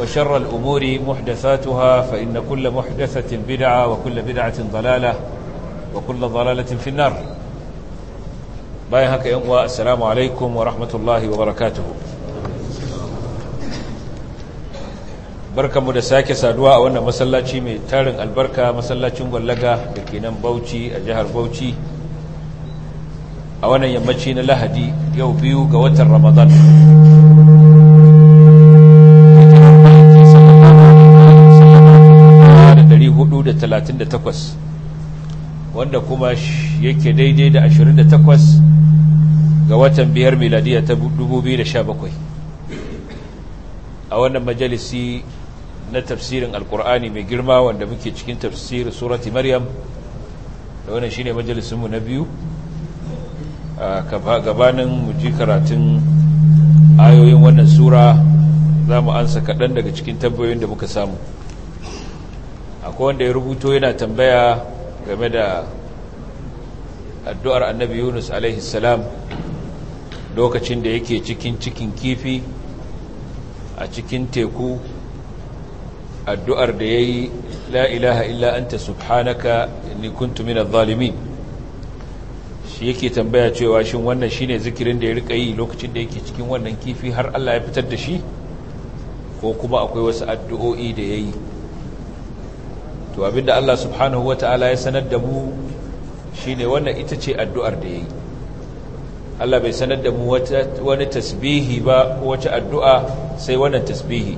وشر الأمور محدثاتها فإن كل محدثة بدعة وكل بدعة ضلالة وكل ضلالة في النار بايهك يموى السلام عليكم ورحمة الله وبركاته barkanmu da sake saduwa a wannan masallaci mai tarin albarka masallacin gwallaga da ke nan bauchi a jihar bauchi a wannan yammaci na lahadi yau biyu ga watan ramadan 38 wanda kuma yake daidai da 28 ga watan biyar miladiya ta 2017 a wannan majalisi na tafsirin alkur'ani mai girma wanda muke cikin tafsirin surati maryam da wannan shine majalisinmu na biyu a gabanin muji karatun ayoyin wannan sura za mu ansa kaɗan daga cikin tambayoyin da muka samu akwai wanda ya rubuto yana tambaya game da addu'ar annabi yunus a.s. lokacin da yake cikin cikin kifi a cikin teku addu'ar da ya yi la'ilaha illa ta subhanaka ni kuntu min zalimi shi yake tambaya cewa shi wannan shi ne zikirin da ya rika yi lokacin da yake cikin wannan kifi har Allah ya fitar da shi ko kuma akwai wasu addu'o'i da ya yi to abinda Allah subhanahu wata'ala ya sanar da mu shine wannan ita ce addu'ar da yayi Allah bai sanar da mu wani tasbihi ba ko addu'a sai wannan tasbihi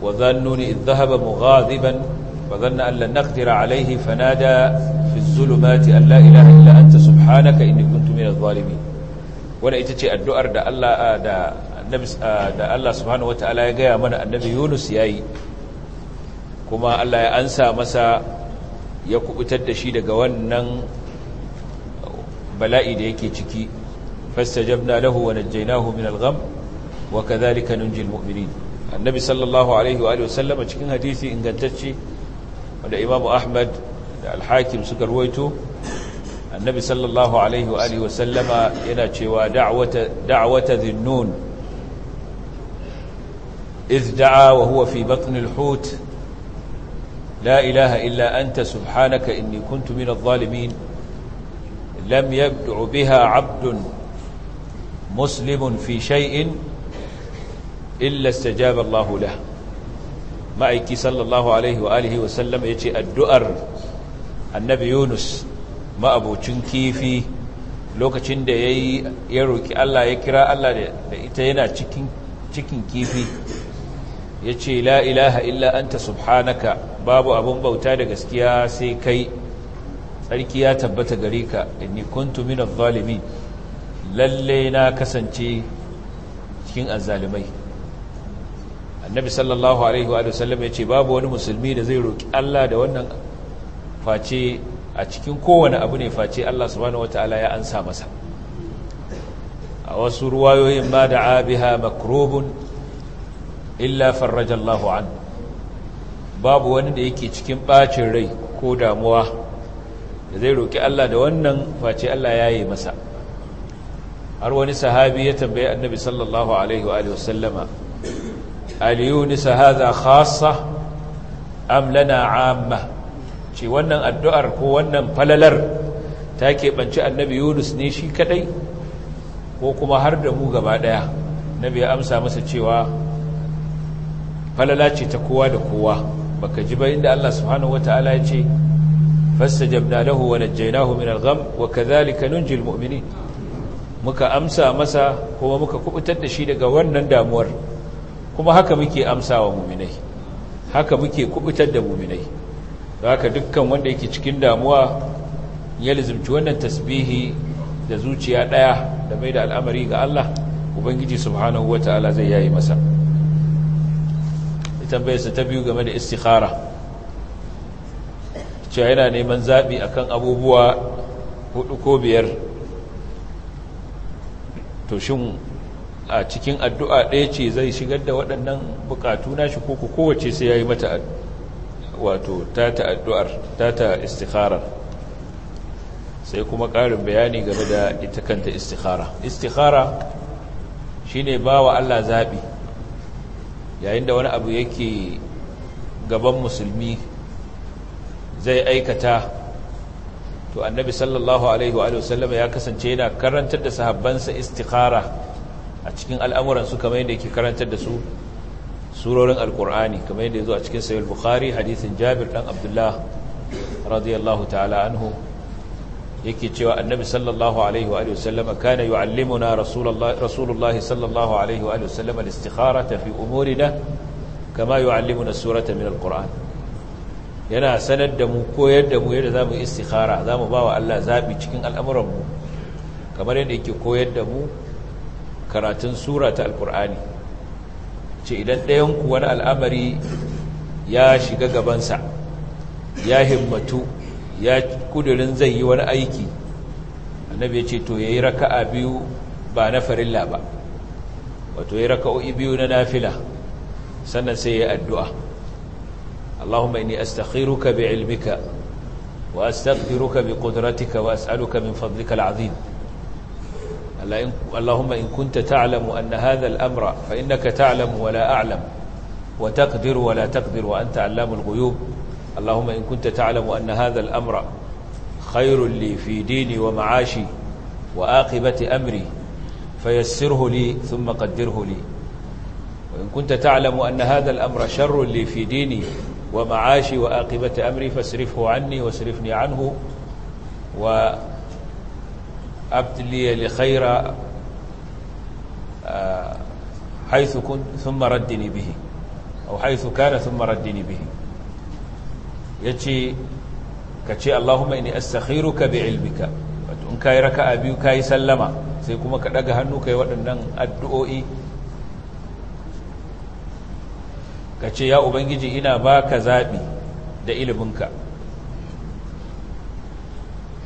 wa dhannuni idh dhahaba mughadiban fa dhanna an lan naqdira alayhi fanada fi adh-dhulumati an la ilaha illa anta subhanaka inni kuntu minadh-dhalimin wannan ita ce addu'ar da Allah da da Allah subhanahu wataala ya gaya mana annabi Yunus ya yi kuma Allah ya ansa masa ya kubutar da shi daga wannan bala'i da yake ciki fastajabna lahu wa najjaynahu min al-gham wa kadhalika nunji al-mu'minin annabi sallallahu alaihi wa alihi wasallama cikin hadisi ingantacce wanda Imam Ahmad da al-Hakim suka ruwaito annabi sallallahu alaihi wa alihi wasallama yana cewa da'wata da'wata dhinnun إذ دعا وهو في بطن الحوت لا إله إلا أنت سبحانك إني كنت من الظالمين لم يبدع بها عبد مسلم في شيء إلا استجاب الله له alaihi wa alihi wasallam ya addu'ar annabi yunus ma'abocin kifi lokacin da ya roƙi Allah ya kira Allah da ita yana cikin kifi ya ce la ilaha illa anta subhanaka babu abun bauta da gaskiya sai kai tsarki ya tabbata gare ka inni kuntu min adh-dhalimin lalle na kasance cikin azzalimai annabi sallallahu alaihi wa sallam ya ce babu wani musulmi da zai roki Allah da wannan face a cikin kowane abu ne face Allah subhanahu wataala ya ansa masa a wasu ruwayoyin ma abiha biha makrubun illa farrajallahu an babu wani da yake cikin bacin rai ko damuwa da zai roki Allah da wannan face Allah ya yi masa har wani sahabi ya tambaye annabi sallallahu alaihi wa sallama aliyunisa hadha khassa am lana amma ce wannan addu'ar ko wannan falalar ta keɓanci annabi yunus ne shi kaɗai ko kuma har da mu gaba ɗaya nabi ya amsa masa cewa falala ce ta kowa da kowa baka ji ba inda Allah subhanahu wataala ya ce fastajabna lahu wa najjaynahu min al-gham wa kadhalika nunjil mu'minin muka amsa masa kuma muka kubutar da shi daga wannan damuwar kuma haka muke amsawa mu'minai haka muke kubutar da mu'minai haka dukkan wanda yake cikin damuwa ya lazimci wannan tasbihi da zuciya daya da mai da al'amari ga Allah ubangiji subhanahu wataala zai yayi masa tambayarsa ta biyu game da istikhara cewa yana neman zaɓi akan abubuwa hudu ko biyar to shin a cikin addu'a ɗaya ce zai shigar da waɗannan bukatu nashi ko ku kowace sai ya yi mata wato tata addu'ar tata istikharar sai kuma ƙarin bayani game da ita kanta istikhara istikhara shi ne ba wa Allah zaɓi yayin da wani abu yake gaban musulmi zai aikata to annabi sallallahu alaihi wa sallam ya kasance yana karantar da sahabbansa istikhara a cikin al'amuransu kamar yadda yake karantar da su surorin alkur'ani kamar yadda ya zo a cikin sayar bukhari hadisin jabir dan abdullah radiyallahu ta'ala anhu yake cewa annabi sallallahu alaihi wa sallama kana yu'allimuna rasulullahi sallallahu alaihi wa sallama al-istikharata fi umurina kama yu'allimuna surata min al-qur'an yana sanar da mu koyar da mu yadda zamu istikhara zamu bawa Allah zabi cikin al'amuran mu kamar yadda yake koyar da mu karatun surata ta al-qur'ani ce idan ɗayan ku wani al'amari ya shiga gabansa ya himmatu ya kudurin zai yi wani aiki annabi ya ce to yayi raka'a biyu ba na farilla ba wato ya yayi raka'o'i biyu na nafila sannan sai ya yi addu'a Allahumma inni astakhiruka bi'ilmika wa astaghfiruka biqudratika wa as'aluka min fadlika al'azim اللهم إن كنت تعلم أن هذا الأمر فإنك wa ولا أعلم وتقدر ولا تقدر وأنت علام الغيوب اللهم إن كنت تعلم أن هذا الأمر خير لي في ديني ومعاشي وآقبة أمري فيسره لي ثم قدره لي وإن كنت تعلم أن هذا الأمر شر لي في ديني ومعاشي وآقبة أمري فاصرفه عني واصرفني عنه وأبتلي لخير آه، حيث كنت ثم ردني به أو حيث كان ثم ردني به ya ce ka ce Allahumma inni astakhiruka bi ilmika wato in kai raka'a biyu kai sallama sai kuma ka daga hannu kai waɗannan addu'o'i ka ce ya ubangiji ina baka zabi da iliminka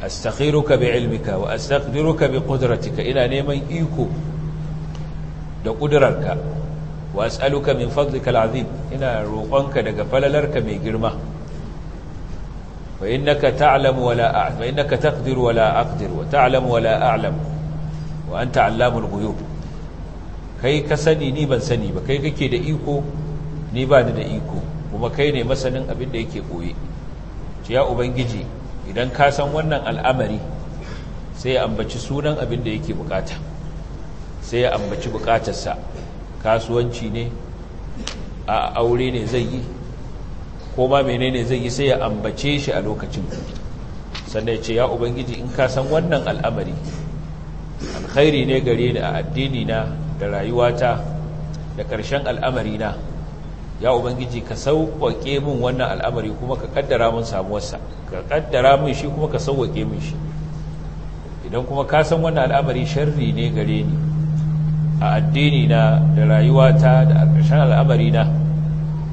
astakhiruka bi ilmika wa astaqdiruka bi qudratika ina neman iko da kudurarka wa as'aluka min fadlika al'azim ina roƙonka daga falalarka mai girma fa innaka ta'lamu wa la a'lam fa innaka taqdiru wa la aqdir wa ta'lamu kai ka sani ni ban sani ba kai kake da iko ni ba ni da iko kuma kai ne masanin abin da yake koye ci ya ubangiji idan ka san wannan al'amari sai ya ambaci sunan abin da yake bukata sai ya ambaci bukatarsa kasuwanci ne a aure ne zai yi ko ma menene zai yi sai ya ambace shi a lokacin sannan ya ce ya ubangiji in ka san wannan al'amari alkhairi ne gare ni a addini na da rayuwata da ƙarshen al'amari na ya ubangiji ka sauƙaƙe min wannan al'amari kuma ka ƙaddara min samuwarsa ka ƙaddara min shi kuma ka sauƙaƙe min shi idan kuma ka san wannan al'amari sharri ne gare ni a addini na da rayuwata da ƙarshen al'amari na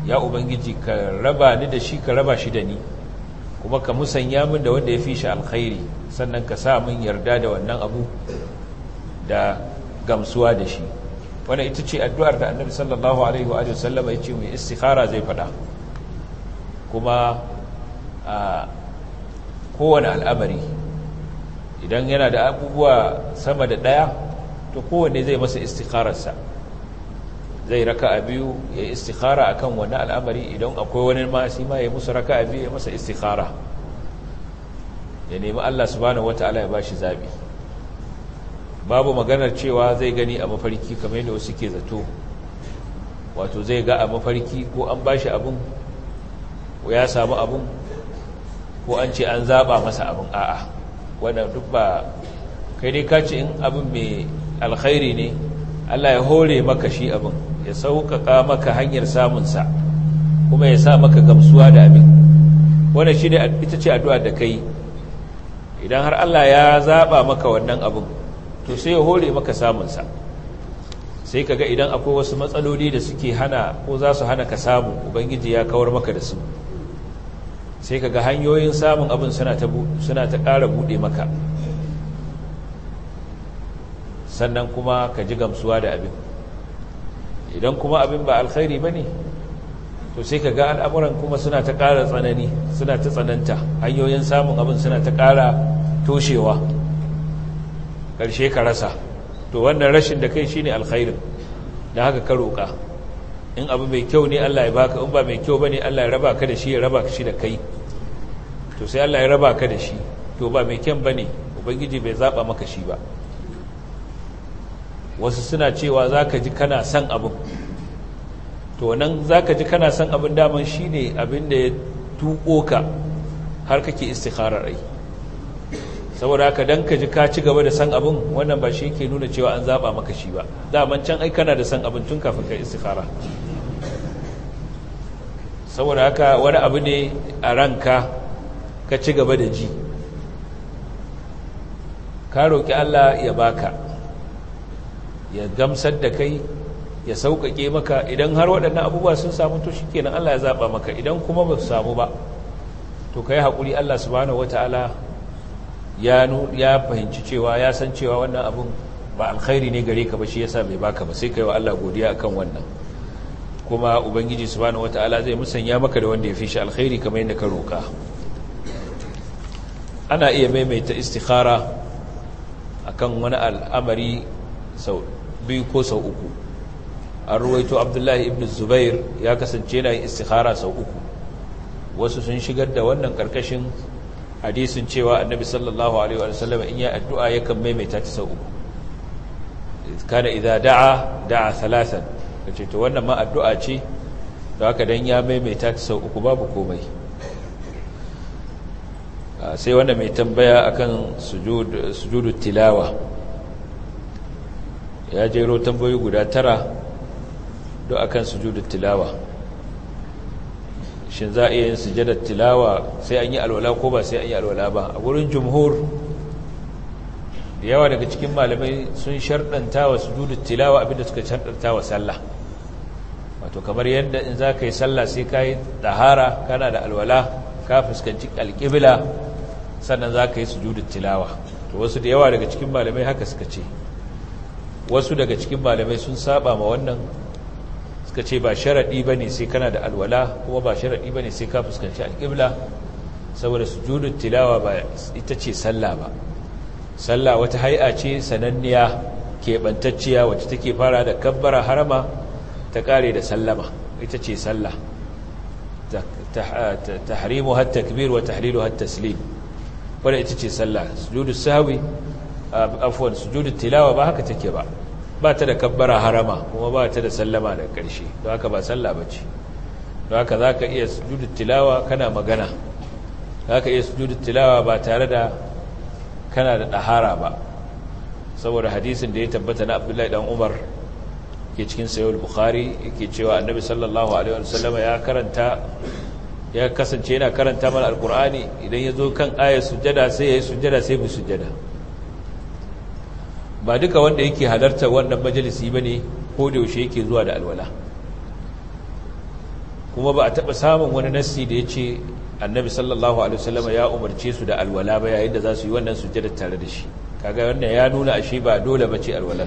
ya ubangiji ka raba ni da shi ka raba shi da ni kuma ka musanya min da wanda ya fi shi alkhairi sannan ka sa min yarda da wannan abu da gamsuwa da shi wannan ita ce addu'ar da annabi sallallahu alaihi wa sallama ya ce mai istikhara zai faɗa kuma a kowane al'amari idan yana da abubuwa sama da ɗaya to kowane zai masa istikhararsa zai raka a biyu ya yi istikhara a kan wani al'amari idan akwai wani masu ma ya musu raka a biyu ya masa istikhara ya nemi Allah subhanahu wata'ala ya ba shi zaɓi babu maganar cewa zai gani a mafarki kamar yadda wasu ke zato wato zai ga a mafarki ko an ba shi abin ko ya samu abin ko an ce an zaɓa masa abin a'a wannan duk ba kai dai ka in abin mai alkhairi ne Allah ya hore maka shi abin ya sauƙaƙa maka hanyar samunsa kuma ya sa maka gamsuwa da abin wanda shi ne ita ce addu'a da kai idan har Allah ya zaɓa maka wannan abin to sai ya hore maka samunsa sai kaga idan akwai wasu matsaloli da suke hana ko za su hana ka samu ubangiji ya kawar maka da su sai kaga hanyoyin samun abin suna ta ƙara buɗe maka sannan kuma ka ji gamsuwa da abin idan kuma abin ba alkhairi ba ne to sai ka ga al'amuran kuma suna ta ƙara tsanani suna ta tsananta hanyoyin samun abin suna ta ƙara toshewa ƙarshe ka rasa to wannan rashin da kai shi ne alkhairin da haka ka roƙa in abu mai kyau ne allah ya baka in ba mai kyau ba ne allah ya raba ka da shi ya raba ka shi da kai to sai allah ya raba ka da shi to ba mai kyan ba ne ubangiji bai zaɓa maka shi ba wasu suna cewa za ka ji kana son abin to nan za ka ji kana son abin daman shi ne abin da ya tuko ka har kake istikharar rai saboda haka don ka ji ka ci gaba da son abin wannan ba shi ke nuna cewa an zaɓa maka shi ba daman can ai kana da son abin tun kafin ka istikhara saboda haka wani abu ne a ranka ka ci gaba da ji ka roƙi Allah ya baka ya gamsar da kai ya sauƙaƙe maka idan har waɗannan abubuwa sun samu to shikenan Allah ya zaba maka idan kuma ba su samu ba to kai hakuri Allah subhanahu wataala ya ya fahimci cewa ya san cewa wannan abun ba alkhairi ne gare ka ba shi yasa bai baka ba sai kai wa Allah godiya akan wannan kuma ubangiji subhanahu wataala zai musanya maka da wanda ya fi shi alkhairi kamar yadda ka roka ana iya maimaita istikhara akan wani al'amari sau biyu ko sau uku an ruwaito abdullahi ibn zubair ya kasance na yin istikhara sau uku wasu sun shigar da wannan karkashin hadisin cewa annabi sallallahu alaihi wa sallam in ya addu'a yakan maimaita ta sau uku kana idza da'a da'a thalathan kace to wannan ma addu'a ce to haka dan ya maimaita ta sau uku babu komai ah, sai wanda mai tambaya akan sujud sujudu tilawa ya jero tambayoyi guda tara don akan sujudar tilawa shin za a iya yin sujudar tilawa sai an yi alwala ko ba sai an yi alwala ba a wurin jumhur da yawa daga cikin malamai sun shardanta wa sujudar tilawa abinda suka shardanta wa sallah wato kamar yadda in za ka yi sallah sai ka yi ɗahara kana da alwala ka fuskanci alkibla sannan za ka yi sujudar tilawa to wasu da yawa daga cikin malamai haka suka ce wasu daga cikin malamai sun saba ma wannan suka ce ba sharaɗi ba ne sai kana da alwala kuma ba sharaɗi ba ne sai ka fuskanci alƙibla saboda su judu tilawa ba ita ce sallah ba sallah wata hai'a ce sananniya keɓantacciya wacce take fara da kabbara harama ta ƙare da sallama ita ce sallah tahrimu har takbir wa tahlilu har taslim wadda ita ce sallah judu sahawi afwan sujudu tilawa ba haka take ba ba ta da kabbara harama kuma ba ta da sallama da ƙarshe don haka ba sallah ba ce don haka za ka iya sujudu tilawa kana magana za ka iya sujudu tilawa ba tare da kana da ɗahara ba saboda hadisin da ya tabbata na abdullahi dan umar ke cikin sayo bukhari yake cewa annabi sallallahu alaihi wasallam ya karanta ya kasance yana karanta mana alkur'ani idan ya zo kan ayar sujada sai ya yi sujada sai bi sujada ba duka wanda yake halartar wannan majalisi ba ne ko da yaushe yake zuwa da alwala kuma ba a taɓa samun wani nassi da ya ce annabi sallallahu alaihi ya umarce su da alwala ba yayin da za su yi wannan sujjada tare da shi kaga wannan ya nuna ashe ba dole bace alwala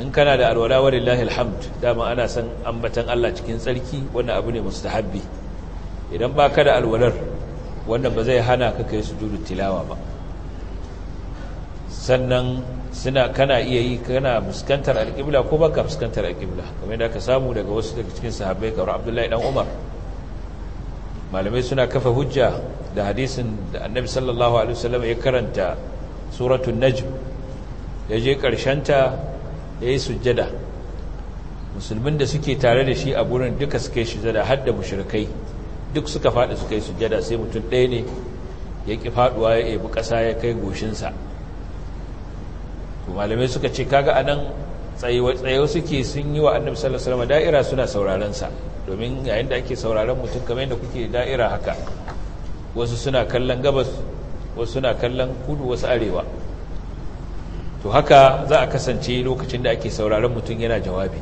in kana da alwala walillahi alhamd dama ana san ambatan Allah cikin tsarki wannan abu ne mustahabbi idan baka da alwalar wannan ba zai hana ka kai sujudu tilawa ba sannan suna kana iya yi kana fuskantar alƙibla ko baka fuskantar alƙibla kamar da ka samu daga wasu daga cikin sahabbai kamar abdullahi dan umar malamai suna kafa hujja da hadisin da annabi sallallahu alaihi wasallam ya karanta suratul najm ya je karshenta yi sujjada musulmin da suke tare da shi a gurin duka suka yi sujjada har da mushrikai duk suka faɗi suka yi sujjada sai mutum ɗaya ne ya ki faɗuwa ya ebi ƙasa ya kai goshinsa to malamai suka ce kaga anan tsayo suke sun yi wa annabi sallallahu alaihi wasallam da'ira suna sauraron domin yayin da ake sauraron mutum kamar yadda kuke da'ira haka wasu suna kallon gabas wasu suna kallon kudu wasu arewa to haka za a kasance lokacin da ake sauraron mutum yana jawabi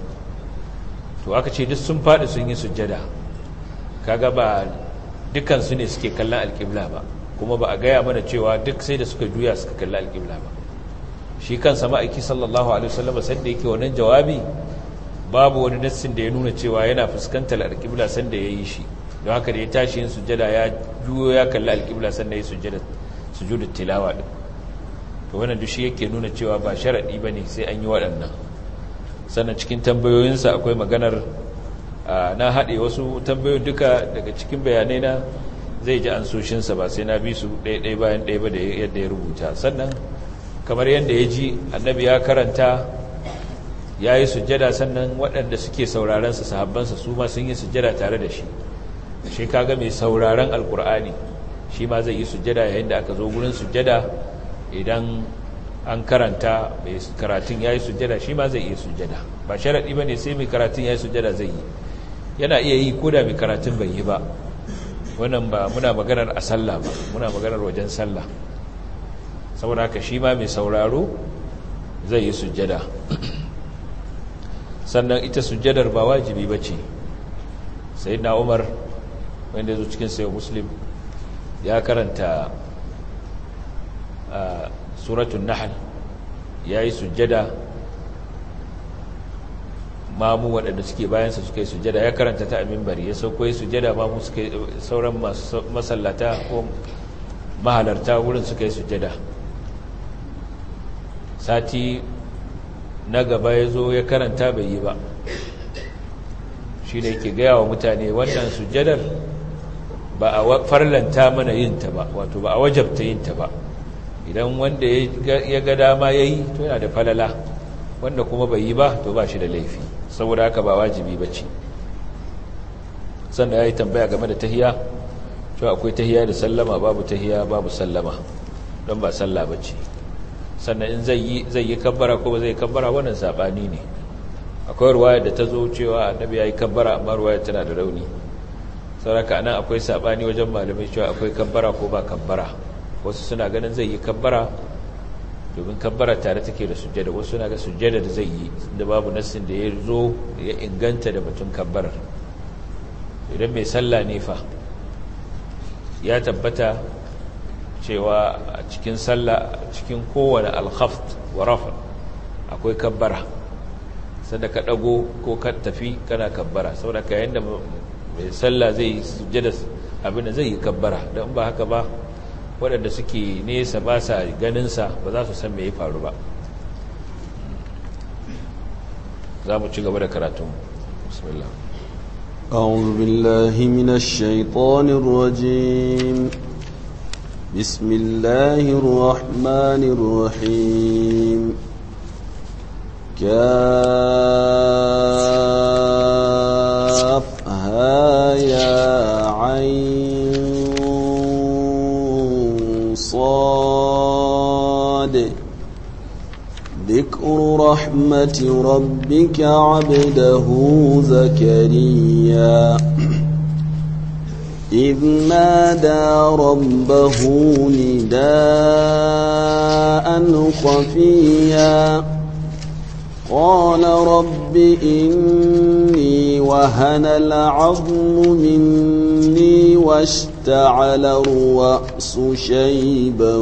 to aka ce duk sun faɗi sun yi sujjada kaga ba su ne suke kallon alƙibla ba kuma ba a gaya mana cewa duk sai da suka juya suka kalli alƙibla ba shi kansa ma'aiki sallallahu alaihi wasallam sanda yake wannan jawabi babu wani nassin da ya nuna cewa yana fuskantar alƙibla sanda ya yi shi don haka da ya tashi yin sujada ya juyo ya kalli alƙibla sanda ya sujada sujudar tilawa din to wannan duk shi yake nuna cewa ba sharaɗi sharadi ne sai an yi waɗannan sannan cikin tambayoyinsa akwai maganar na haɗe wasu tambayoyin duka daga cikin bayanai na zai ji an soshinsa ba sai na bi su ɗaya ɗaya bayan ɗaya ba da yadda ya rubuta sannan kamar yadda ya ji annabi ya karanta ya yi sujjada sannan waɗanda suke saurarensa sahabbansa su ma sun yi sujjada tare da shi shi kaga mai sauraren alkur'ani shi ma zai yi sujjada yayin da aka zo gurin sujjada idan an karanta mai karatun ya yi sujjada shi ma zai yi sujjada ba sharaɗi ba ne sai mai karatun ya yi sujjada zai yi yana iya yi ko da mai karatun bai yi ba wannan ba muna maganar a sallah ba muna maganar wajen sallah saboda haka shi ma mai sauraro zai yi sujjada sannan ita sujjadar ba wajibi ba ce sai na umar wanda ya zo cikin sayo muslim ya karanta a suratun nahal ya yi sujjada mamu waɗanda suke bayansa suka yi sujjada ya karanta ta amin bari ya sauko yi sujjada mamu suka sauran masallata ko mahalarta wurin suka yi sujjada sati na gaba ya zo ya karanta bai yi ba shi da yake gaya wa mutane wannan sujadar ba a farlanta mana yin ta ba wato ba a wajabta yin ta ba idan wanda ya ga dama ya yi to yana da falala wanda kuma bai yi ba to ba shi da laifi saboda haka ba wajibi ba ce sannan ya yi tambaya game da tahiya to akwai tahiya da sallama babu tahiya babu sallama don ba sallah ba ce sannan in zai yi kabbara ko ba zai kabbara wannan sabani ne akwai ruwaya da ta zo cewa annabi ya yi kabbara amma ruwaya tana da rauni sauraka nan akwai sabani wajen malamai cewa akwai kabbara ko ba kabbara wasu suna ganin zai yi kabbara domin kabbara tare take da sujjada wasu suna ga sujjada da zai yi da babu nassin da ya zo ya inganta da batun kabbarar idan mai sallah ne fa ya tabbata cewa a cikin sallah cikin kowane alkhaft wa rafa akwai kabbara sanda ka dago ko ka tafi kana kabbara saboda ka yayin da mai sallah zai sujjada abin da zai yi kabbara don ba haka ba waɗanda suke nesa ba sa ganinsa ba za su san me ya faru ba za mu ci gaba da karatun bismillah أعوذ بالله من الشيطان الرجيم بسم الله الرحمن الرحيم كافها يا عين صاد ذكر رحمة ربك عبده زكريا إذ نادى ربه نداء خفيا قال رب إني وهن العظم مني واشتعل الرأس شيبا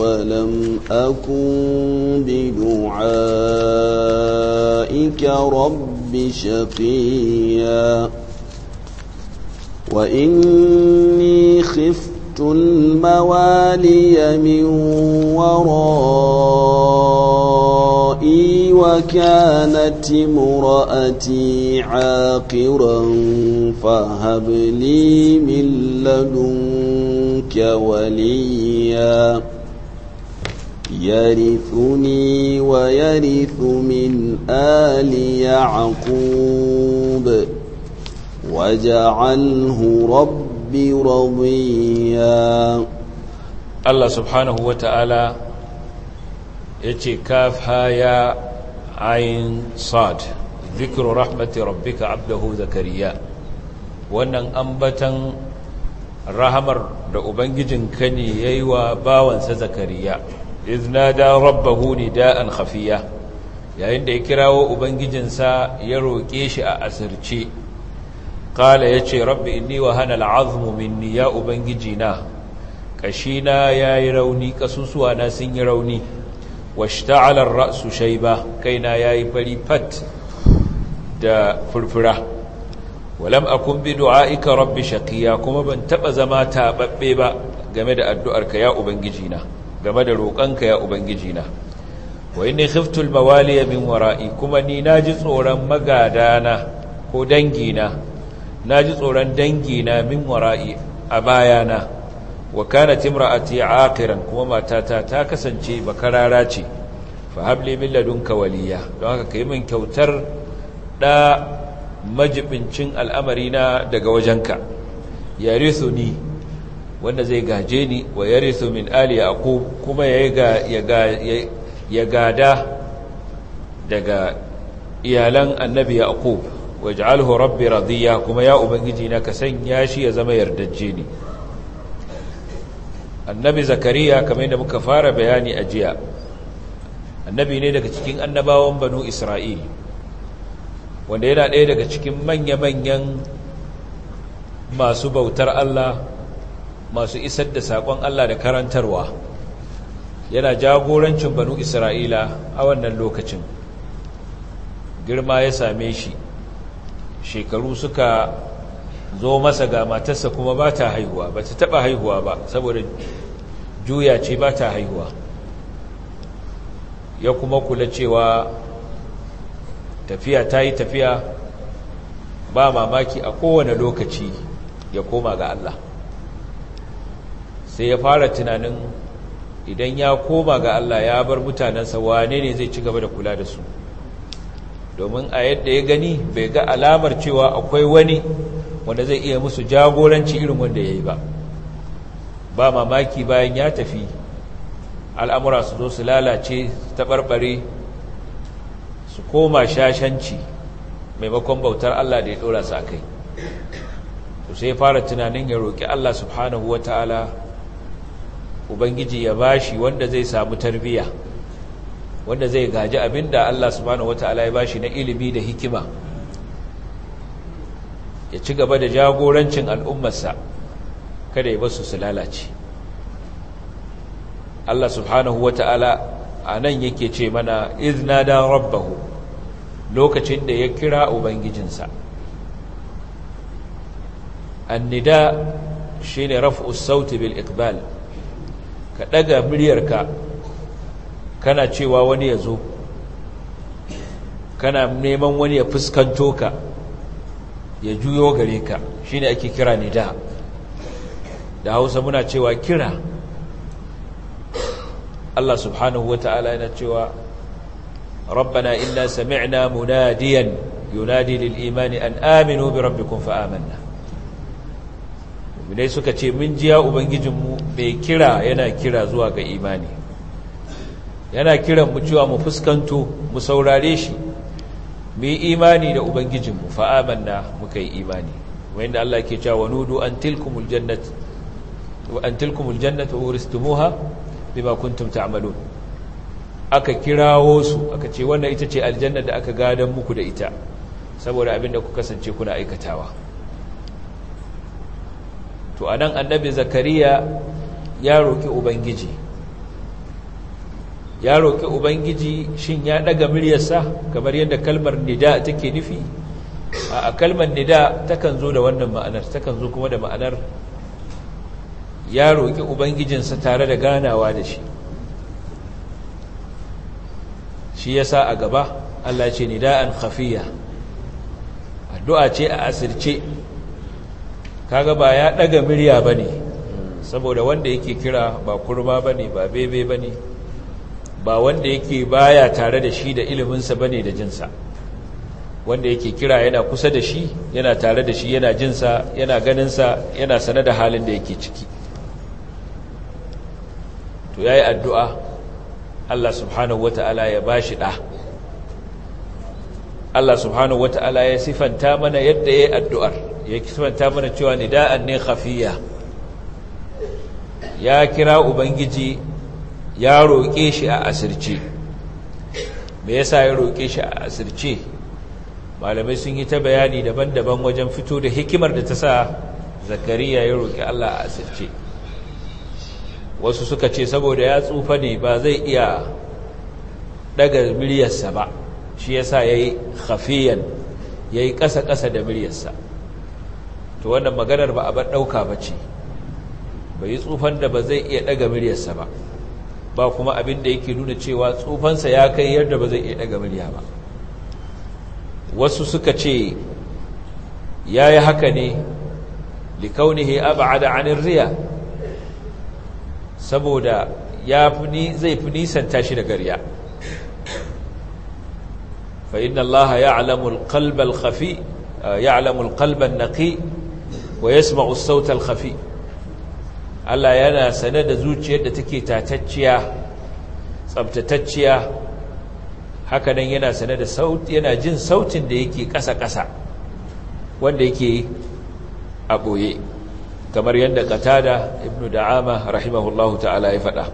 ولم أكن بدعائك رب شقيا وإني خفت الموالي من ورائي وكانت امرأتي عاقرا فهب لي من لدنك وليا يرثني ويرث من آل يعقوب واجعله رب رضيا الله سبحانه وتعالى يتي كاف هايا عين صاد ذكر رحمة ربك عبده زكريا wannan ambatan rahamar da ubangijinka ne yayi wa bawansa zakariya iznada rabbahu nidaan khafiya yayin da ya kirawo ubangijinsa ya roƙe shi a asirce qala yace rabbi inni wa al'azmu minni ya ubangiji na kashina yayi rauni kasusuwa na sun yi rauni washta'ala ar-ra'su shayba kaina yayi fari fat da furfura walam akun bi du'aika rabbi shaqiya kuma ban taba zama tababbe ba game da addu'arka ya ubangiji na game da roƙanka ya ubangiji na wa inni khiftu al-mawali min wara'i kuma ni naji tsoron magadana ko dangina na ji tsoron dangi na min wara'i a bayana wa kana timra'ati akiran kuma matata ta kasance bakarara ce fa habli min ladunka waliya don haka kai min kyautar da majibincin al'amari na daga wajenka ni wanda zai gaje ni wa yarithu min ali yaqub kuma ya gada daga iyalan annabi yaqub waj'alhu rabbi radiya kuma ya ubangiji na ka sanya shi ya zama yardajje ni annabi zakariya kamar da muka fara bayani a jiya annabi ne daga cikin annabawan banu isra'il wanda yana ɗaya daga cikin manya-manyan masu bautar Allah masu isar da saƙon Allah da karantarwa yana jagorancin banu isra'ila a wannan lokacin girma ya same shi shekaru suka zo masa ga matarsa kuma ba ta haihuwa ba ta taɓa haihuwa ba saboda juya ce ba ta haihuwa ya kuma kula cewa tafiya ta yi tafiya ba mamaki a kowane lokaci ya koma ga Allah sai ya fara tunanin idan ya koma ga Allah ya bar mutanensa wane ne zai ci gaba da kula da su domin a yadda ya gani bai ga alamar cewa akwai wani wanda zai iya musu jagoranci irin wanda ya yi ba ba mamaki bayan ya tafi al'amura su zo su lalace taɓarɓare su koma shashanci maimakon bautar Allah da ya ɗora su a kai to sai fara tunanin ya roƙi Allah subhanahu wa ta'ala ubangiji ya bashi wanda zai samu tarbiyya wanda zai gaji abinda Allah subhanahu ta'ala ya bashi na ilimi da hikima ya ci gaba da jagorancin al'ummarsa kada ya basu su lalace Allah subhanahu wataala anan yake ce mana izna da rabbahu lokacin da ya kira ubangijinsa annida shine raf'u sauti bil iqbal ka ɗaga muryarka kana cewa wani ya zo kana neman wani ya fuskanto ka ya juyo gare ka shine ake kira ni da da hausa muna cewa kira Allah subhanahu wa ta'ala yana cewa rabbana inna sami'na munadiyan yunadi lil imani an aminu bi rabbikum fa amanna ne suka ce mun jiya ubangijinmu bai kira yana kira zuwa ga imani yana kiran mu cewa mu fuskanto mu saurare shi mu yi imani da ubangijinmu fa'amanna muka yi imani wanda Allah ke cewa nudu an tilkumul jannat wa an bima kuntum aka kirawo su aka ce wannan ita ce aljanna da aka gadan muku da ita saboda abinda ku kasance kuna aikatawa to anan annabi zakariya ya roki ubangiji ya roƙi ubangiji shin ya ɗaga muryarsa kamar yadda kalmar nida take nufi a kalmar nida takan zo da wannan ma'anar takan zo kuma da ma'anar ya roƙi ubangijinsa tare da ganawa da shi shi ya sa a gaba Allah ce an hafiya. addu'a ce a asirce kaga ba ya ɗaga murya ba ne saboda wanda yake kira ba kurma ba ne ba bebe ba ne ba wanda yake baya tare da shi da iliminsa bane da jinsa wanda yake kira yana kusa da shi yana tare da shi yana jinsa yana ganinsa yana sane da halin da yake ciki to ya yi addu'a Allah subhanahu wata'ala ya ba shi ɗa Allah subhanahu wata'ala ya sifanta mana yadda ya yi addu'ar ya sifanta mana cewa nida'an ne khafiya ya kira Ubangiji ya roƙe shi a asirce me yasa ya roƙe shi a asirce malamai sun yi ta bayani daban-daban wajen fito da hikimar da ta sa zakariya ya roƙi Allah a asirce wasu suka ce saboda ya tsufa ne ba zai iya daga miliyarsa ba shi yasa yayi ya yi ƙasa-ƙasa da miliyarsa to wannan maganar ba a ɗauka ba ce bai yi tsufan da ba zai iya ɗaga miliyarsa ba ba kuma abin da yake nuna cewa tsufansa ya kai yadda ba zai iya daga murya ba wasu suka ce ya yi haka ne likaunihi da anir riya saboda ya fi zai fi nisanta shi da gariya. fa inna allaha ya'lamu al khafi ya'lamu al-qalba an wa yasma'u as khafi Allah yana sane da zuciyar da take tatacciya tsabtatacciya haka nan yana sane da yana jin sautin da yake ƙasa-ƙasa wanda yake a boye kamar yadda qatada ibnu da'ama rahimahullahu ta'ala ya faɗa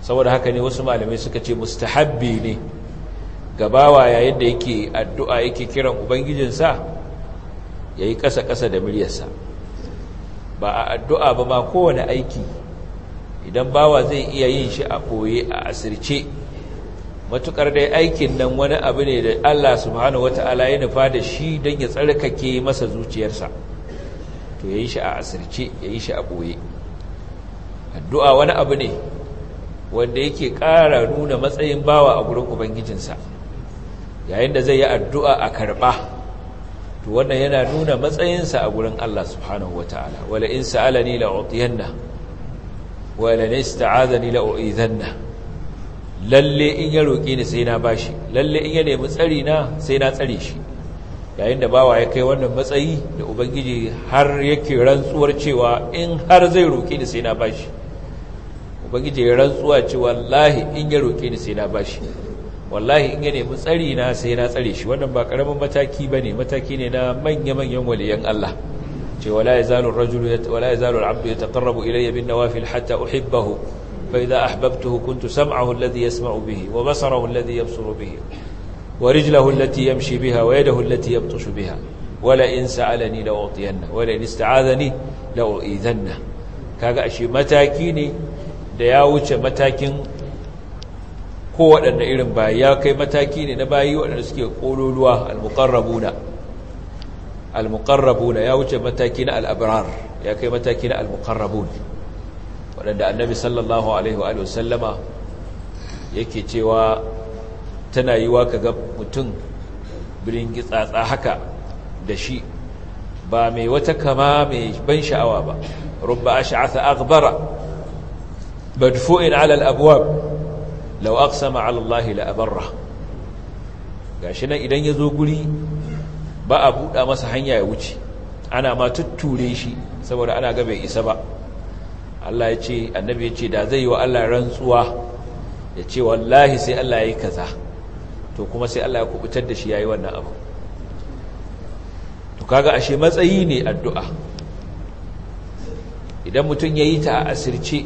saboda haka ne wasu malamai suka ce mustahabbi ne gabawa yayin da yake addu'a yake kiran ubangijinsa yayi ƙasa-ƙasa da muryarsa ba a addu'a ba ma kowane aiki idan bawa zai iya yin shi a koye a asirce Matuƙar dai aikin nan wani abu ne da Allah subhanahu wata'ala ya nufa da shi don ya tsarkake masa zuciyarsa to ya yi shi a asirce ya yi shi a koye addu'a wani abu ne wanda yake ƙara nuna matsayin bawa a gurin ubangijinsa yayin da zai yi addu'a a karɓa to wannan yana nuna matsayinsa a gurin Allah subhanahu ta'ala wala in sa'alani la utiyanna wala in ista'azani la lalle in ya roƙi ni sai na bashi lalle in ya nemi tsari na sai na tsare shi yayin da bawa ya kai wannan matsayi da ubangiji har yake rantsuwar cewa in har zai roƙi ni sai na bashi ubangiji ya rantsuwa cewa wallahi in ya roƙi ni sai na bashi wallahi in ya mu tsari na sai na tsare shi wannan ba karamin mataki bane mataki ne na manya-manyan waliyan Allah ce wala yazalu ar-rajulu wala yazalu al-'abdu yataqarrabu ilayya bin nawafil hatta uhibbahu fa idha ahbabtuhu kuntu sam'ahu alladhi yasma'u bihi wa basarahu alladhi yabsuru bihi wa allati yamshi biha wa allati yabtashu biha wala in sa'alani la utiyanna wala in ista'adhani la u'idhanna kaga ashe mataki ne da ya wuce matakin ko waɗanda irin bayi ya kai mataki ne na bayi waɗanda suke ƙololuwa al-muqarrabuna al ya wuce mataki na al-abrar ya kai mataki na al waɗanda annabi sallallahu alaihi wa sallama yake cewa tana yiwa kaga mutum birin gitsatsa haka da shi ba mai wata kama mai ban sha'awa ba rubba ash'atha aghbara badfu'in 'ala al-abwab Lau aqsama ala Allah la gashi nan idan yazo guri ba a buɗa masa hanya ya wuce ana ma tutture shi saboda ana ga bai isa ba Allah ya ce annabi ya ce da zai yi wa Allah rantsuwa ya ce wallahi sai Allah ya yi kaza to kuma sai Allah ya kubutar da shi ya yi wannan abu to kaga ashe matsayi ne addu'a idan mutum ya yi ta a asirce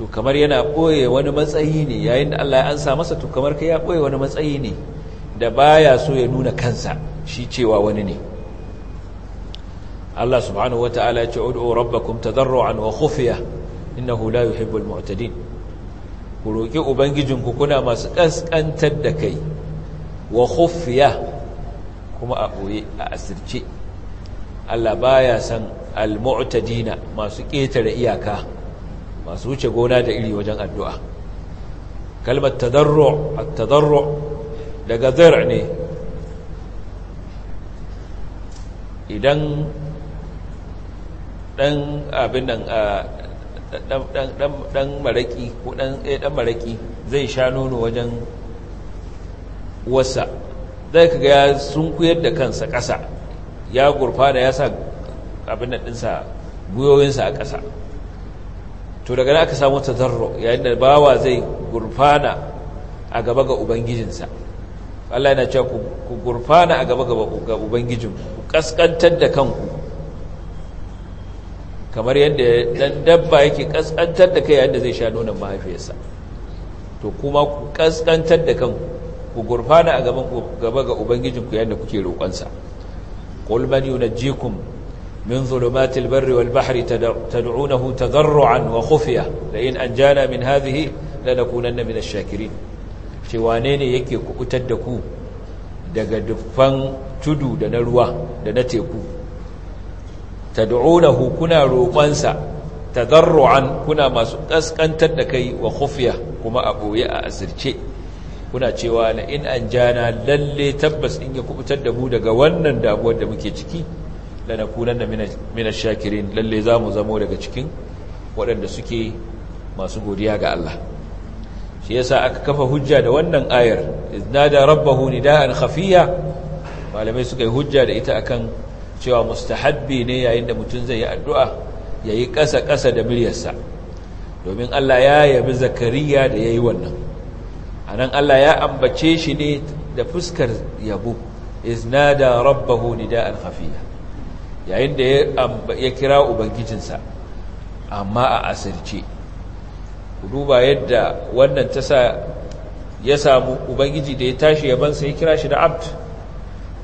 to kamar yana ɓoye wani matsayi ne yayin da Allah ya ansa masa to kamar kai ya ɓoye wani matsayi ne da baya so ya nuna kansa shi cewa wani ne Allah subhanahu wata'ala ya ce ud'u rabbakum tadarruan wa khufiya innahu la yuhibbul mu'tadin ku roki ubangijinku kuna masu kaskantar da kai wa khufiya kuma a boye a asirce Allah baya san al-mu'tadina masu ƙetare iyaka masu wuce gona da iri wajen addu'a kalmar tadarro a tadarro daga zar' ne idan dan abin nan ɗan maraƙi ko eh, zai sha nono wajen wasa zai kaga ya sunkuyar da kansa ƙasa ya gurfa da ya sa abin nan dinsa guyoyinsa a ƙasa to daga na aka samu zarro, yayin da bawa zai gurfana a gaba ga ubangijinsa Allah yana cewa ku gurfana a gaba ga ubangijin ku kaskantar da kanku kamar yadda dan dabba yake kaskantar da kai yayin da zai sha nonon mahaifiyarsa to kuma ku kaskantar da kanku ku gurfana a gaba ga ubangijinku yayin da kuke roƙonsa qul man yunajjikum من ظلمات البر والبحر تدعونه تضرعا وخفية لئن أنجانا من هذه لنكونن من الشاكرين شوانيني يكي كتدكو daga dufan tudu da na ruwa da na teku tad'unahu kuna roƙonsa tadarruan kuna masu kaskantar da kai wa khufiya kuma a boye a asirce kuna cewa na in anjana lalle tabbas in ya kubutar da mu daga wannan damuwar da muke ciki da minash shakirin lalle zamu zamo daga cikin waɗanda suke masu godiya ga Allah shi yasa aka kafa hujja da wannan ayar iznada rabbahu nidaan khafiya malamai suka yi hujja da ita akan cewa mustahabbi ne yayin da mutum zai yi addu'a yayi ƙasa ƙasa da miryarsa domin Allah ya yabi zakariya da yayi wannan anan Allah ya ambace shi ne da fuskar yabo iznada rabbahu nidaan khafiya yayin da ya kira ubangijinsa amma a asirce duba yadda wannan ta sa ya samu ubangiji da ya tashi yabansa ya kira shi da abd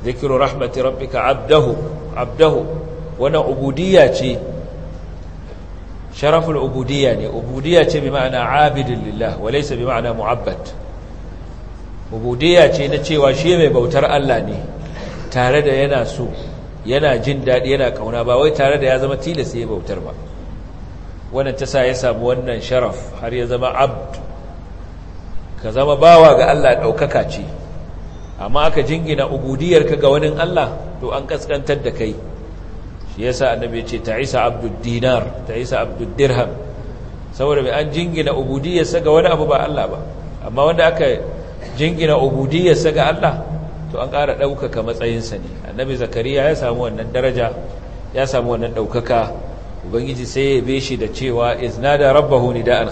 zikiru rahmati rabbika abdahu abdahu wannan ubudiyya ce sharaful ubudiyya ne ubudiyya ce bi ma'ana abidin lillah wa laysa bi ma'ana mu'abbad ubudiyya ce na cewa shi mai bautar Allah ne tare da yana so yana jin daɗi yana ƙauna ba wai tare da ya zama tilas ya bautar ba wannan ta sa ya samu wannan sharaf har ya zama abd ka zama bawa ga Allah ɗaukaka ce amma aka jingina ubudiyarka ga wani Allah to an ƙasƙantar da kai shi sa annabi ya ce ta'isa abdud dinar ta'isa Abdul dirham saboda mai an jingina ubudiyarsa ga wani abu ba Allah ba amma wanda aka jingina ubudiyarsa ga Allah to an ƙara ɗaukaka matsayinsa ne annabi zakariya ya samu wannan daraja ya samu wannan ɗaukaka ubangiji sai ya beshi da cewa iznada rabbahu ni da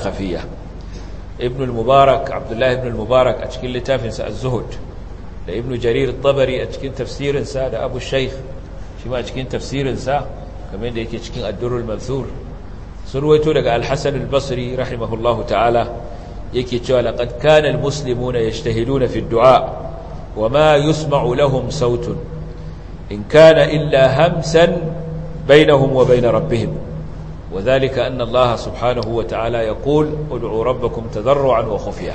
ibn al-mubarak abdullahi ibn mubarak a cikin littafinsa az-zuhud da ibn jarir at-tabari a cikin tafsirinsa da abu shaykh shi ma a cikin tafsirinsa kamar da yake cikin ad-durrul mansur sun ruwaito daga al-hasan al-basri rahimahullahu ta'ala yake cewa laqad kana al-muslimuna yajtahiduna fi ad-du'a وما يسمع لهم صوت إن كان إلا همسا بينهم وبين ربهم وذلك أن الله سبحانه وتعالى يقول ادعوا ربكم تضرعا وخفية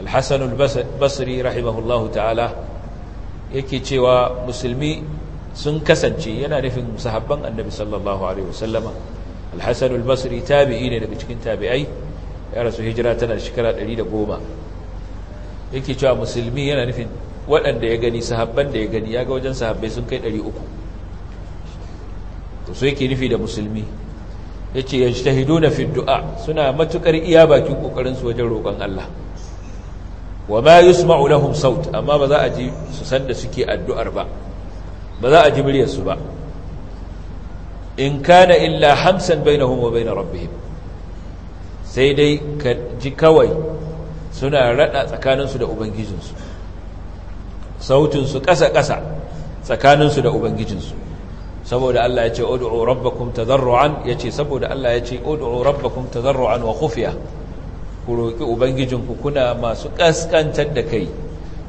الحسن البصري رحمه الله تعالى yake cewa musulmi sun kasance yana nufin sahabban annabi sallallahu alaihi wasallama al-hasan al-basri tabi'i ne daga cikin tabi'ai ya rasu hijira tana shekara 110 yake cewa musulmi yana nufin waɗanda ya gani sahabban da ya gani ya ga wajen sahabbai sun kai 300 to so yake nufi da musulmi ya ce ya shahido na du'a suna matukar iya bakin ƙoƙarinsu wajen roƙon Allah wa ma yi su ma'ulahun saut amma ba za a ji su da suke addu'ar ba ba za a ji muryarsu ba in na illa hamsan bai na homo bai na rabbihim sai dai ka ji kawai suna raɗa tsakaninsu da ubangijinsu sautinsu ƙasa-ƙasa tsakaninsu da ubangijinsu saboda Allah ya ce ud'u rabbakum tadarruan yace saboda Allah ya ce ud'u rabbakum tadarruan wa khufiya ku roki ubangijinku kuna masu kaskantar da kai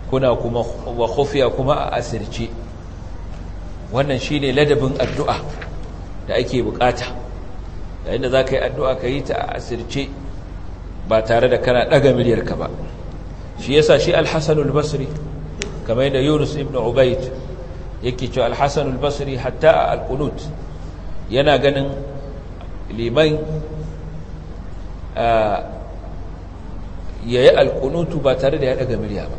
kuna kuma wa khufiya kuma a asirce wannan shine ladabin addu'a da ake bukata yayin da zaka yi addu'a ka yi ta a asirce ba tare da kana daga ka ba shi yasa shi al-Hasan al-Basri kamar da Yunus ibn Ubaid yake cewa al-Hasan basri hatta al alkunutu yana ganin liman yayi al ba tare da ya daga murya ba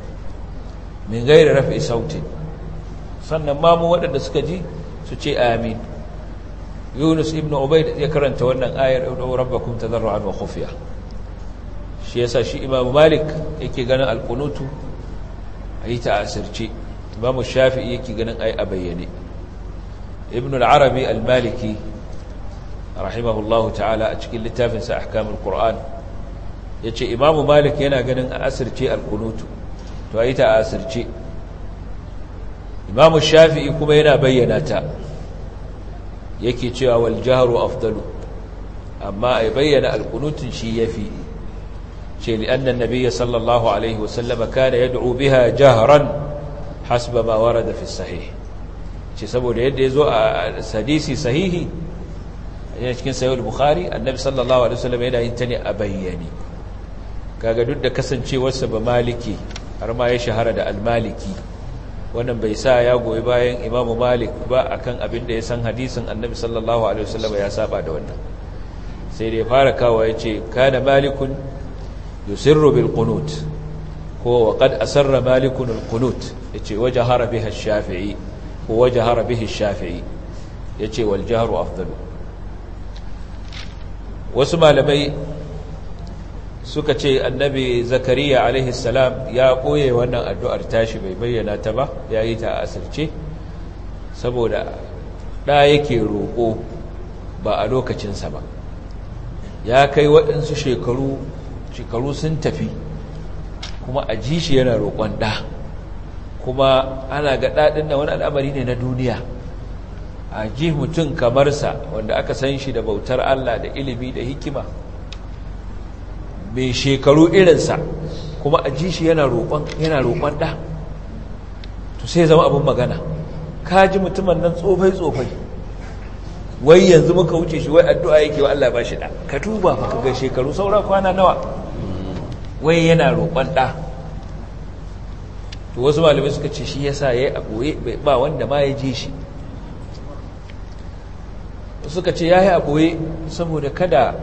min gairi rafi sautin sannan mamu waɗanda suka ji su ce amin yunus ibn Ubaid ya karanta wannan ayar ud'u rabbakum tadarruan wa khufiya shi yasa shi imamu malik yake ganin alkunutu. a yi ta asirce imamu shafi'i yake ganin ai a bayyane ibn al-arabi almaliki rahimahullahu ta'ala a cikin littafinsa ahkamul qur'an yace imamu malik yana ganin a asirce alkunutu to a yi ta asirce imamu shafi'i kuma yana bayyana ta yake cewa waljaharu jahru afdalu amma ai bayyana al-qunutun shi yafi ce li'anna nabiyya sallallahu alaihi wasallam kana yad'u biha jahran hasba ma warada fi sahih saboda yadda yazo a hadisi sahihi a cikin sahih bukhari annabi sallallahu alaihi wasallam yana yin ta ne a bayyane kaga duk da kasancewarsa ba maliki har ma ya shahara da almaliki. wannan bai sa ya goyi bayan imamu malik ba akan abin da ya san hadisin annabi sallallahu alaihi wasallam ya saba da wannan sai da ya fara kawo ya ce kana malikun yusirru bil qunut ko wa qad asarra malikun al qunut yace wajhara biha ash-shafi'i ko wajhara bihi ash-shafi'i yace wal jahru afdalu wasu malamai suka ce annabi zakariya alaihi salam ya koye wannan addu'ar tashi bai bayyana ta ba ya yi a asirce saboda ɗa yake roƙo ba a lokacinsa ba ya kai waɗansu shekaru shekaru sun tafi kuma a ji shi yana roƙon ɗa kuma ana ga ɗaɗin da wani al'amari ne na duniya a ji mutum kamar sa wanda aka san shi da bautar Allah da ilimi da hikima mai shekaru irinsa kuma a ji shi yana roƙon ɗa to sai zama abin magana ka ji mutumin nan tsofai-tsofai wai yanzu muka wuce shi wai addu'a yake wa Allah ba shi ɗa ka tuba ka ga shekaru saura kwana nawa wai yana roƙon ɗa to wasu malamai suka ce shi yasa ya yi a ɓoye ba wanda ma ya je shi suka ce ya yi a ɓoye saboda kada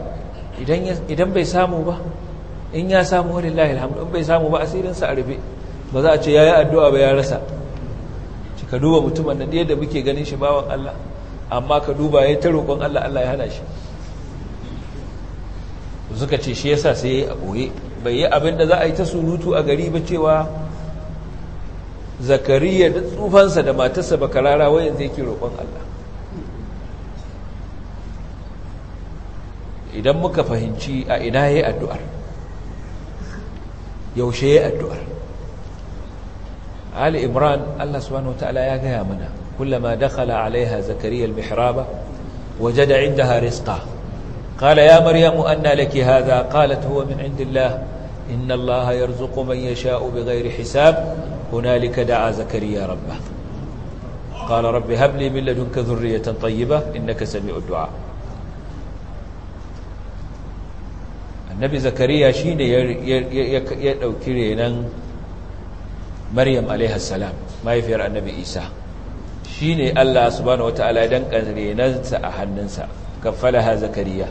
idan bai samu ba in ya samu wani lahil hamdun in bai samu ba asirinsa a rufe ba za a ce ya yi addu'a ba ya rasa ci ka duba mutumin nan yadda muke ganin shi bawan Allah amma ka duba ya yi ta roƙon Allah Allah ya hana shi suka ce shi yasa sai ya yi a ɓoye bai yi abin da za a yi ta surutu a gari ba cewa zakariya da tsufansa da matarsa ba karara wai yanzu yake roƙon Allah idan muka fahimci a ina ya addu'ar yaushe ya addu'ar Ali Imran Allah subhanahu wa ta'ala ya gaya mana kullama dakala alaiha zakariya al-mihraba wajada indaha rizqa قال يا مريم أن لك هذا قالت هو من عند الله إن الله يرزق من يشاء بغير حساب هنالك دعا زكريا ربه قال رب هب لي من لدنك ذرية طيبة إنك سميع الدعاء النبي زكريا شين يدعو كرينا مريم عليها السلام ما يفير النبي إيسى شين الله سبحانه وتعالى دنك رينانسا أهننسا كفلها زكريا